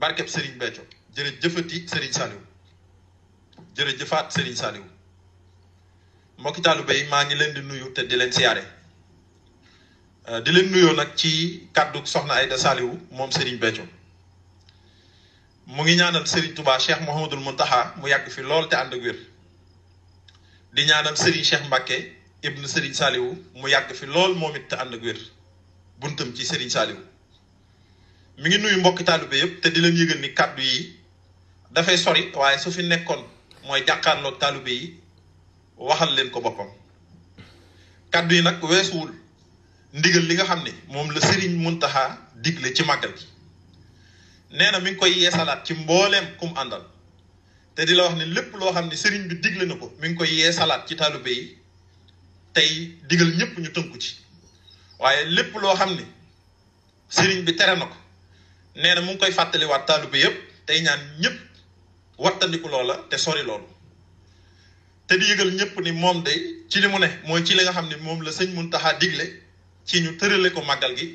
barkeb Serigne Béthio jërëjëfati Serigne Saliou jërëjëfaat Serigne Saliou mbokki taalibe yi maa ngi leen di nuyu te di leen siyaare euh, di leen nuyoo nag ci kàddu soxna Aïda Saliou moom Serigne Béthio mu ngi ñaanal Serigne tubaa Cheikh Mouhamadul Mountakha mu yàgg fi lool te ànd ak wér di ñaanal Serigne Cheikh Mbacke ibnu Serigne Saliou mu yàgg fi lool moomit it te ànd ak wér buntam ci Serigne Saliou. mi ngi nuyu mbokki taalibe yëpp te di leen yëgal ni kàddu yi dafay sori waaye su fi nekkoon mooy jàkkaarloog taalibe yi waxal leen ko boppam kàddu yi nag weesuwul ndigal li nga xam ne moom la Serigne Mountakha digle ci màggal gi nee na mi ngi koy yeesalaat ci mbooleem kum àndal te di la wax ne lépp loo xam ne Serigne bi digle na ko mi ngi ko koy salaat ci taalibe yi tey digal ñëpp ñu tënku ci waaye lépp loo xam ne Serigne bi tere na ko. nee na mu ngi koy fàttaliwaat taalibe yëpp tey ñaan ñëpp wattandiku loola te sori loolu te di yëgal ñëpp ni moom de ci li mu ne mooy ci li nga xam ne moom la sëñ Muntaxa digle ci ñu tërale ko màggal gi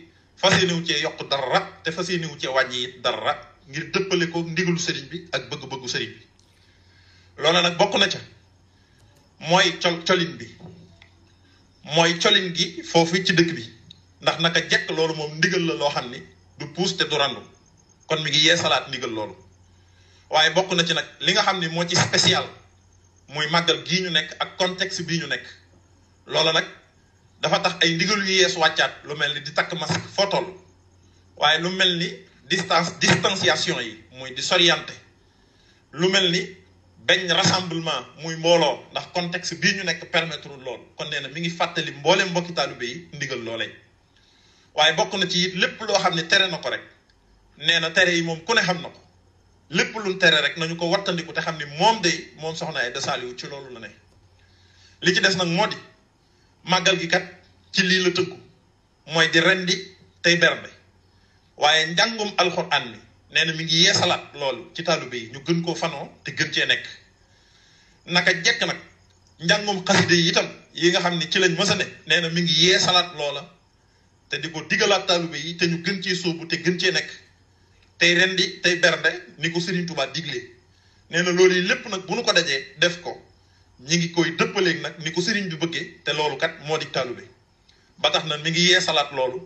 fas yéene wu cee yokk dara te fas yéene wu cee wàññi it dara ngir dëppale ko ndigalu sëriñ bi ak bëgg-bëggu sëriñ bi loola nag bokk na ca mooy col colin bi mooy colin gi foofu ci dëkk bi ndax naka jekk loolu moom ndigal la loo xam ni du puus te du randu kon mi ngi salaat ndigal loolu waaye bokk na ci nag li nga xam ni moo ci spécial muy màggal gii ñu nekk ak contexte bii ñu nekk loola nag dafa tax ay ndigal yu yees wàccaat lu mel ni di takk masque foo waaye lu mel ni distance distanciation yi muy di soriante lu mel ni benn rassemblement muy mbooloo ndax contexte bii ñu nekk permettre loolu kon nee na mi ngi fàttali mboolem mbokki taalibe yi ndigal loolee. waaye bokk na ci it lépp loo xam ne tere na ko rek nee na tere yi moom ku ne xam na ko lépp luñ tere rek nañu ko wattandiku te xam ne moom day moom soxna Aïda Saliou ci loolu la ne li ci des nag moo di gi kat ci lii la tënku mooy di rendi tey bernde waaye njàngum alxuraan mi nee na mi ngi yeesalaat lool ci taalibe yi ñu gën koo fanoo te gën cee nekk naka jekk nag njàngum xaside yi itam yi nga xam ne ci lañ mës ne nee na mi ngi salaat loola te di ko digalaat taalibe yi te ñu gën cee sóobu te gën cee nekk tey rendi tey bernde ni ko Serigne Touba digle nee na loolu yi lépp nag bu nu ko dajee def ko ñi ngi koy dëppaleeg nag ni ko Serigne bi bëggee te loolu kat moo di taalibe ba tax na mi ngi salaat loolu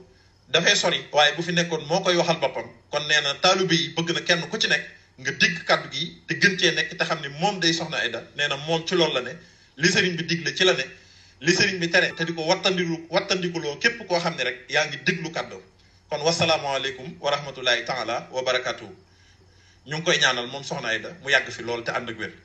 dafay sori waaye bu fi nekkoon moo koy waxal boppam kon nee na taalibe yi bëgg na kenn ku ci nekk nga digg kàddu gi te gën cee nekk te xam ne moom day soxna Aida nee na moom ci loolu la ne li Serigne bi digle ci la ne. li sëriñ bi tere te di ko wattandiku wattandikuloo képp koo xam ne rek yaa ngi déglu kàddoom kon wasalaamaaleykum wa rahmatulahi taala wa barakaatu ñu ngi koy ñaanal moom soxna Aida mu yàgg fi lool te ànd ak wér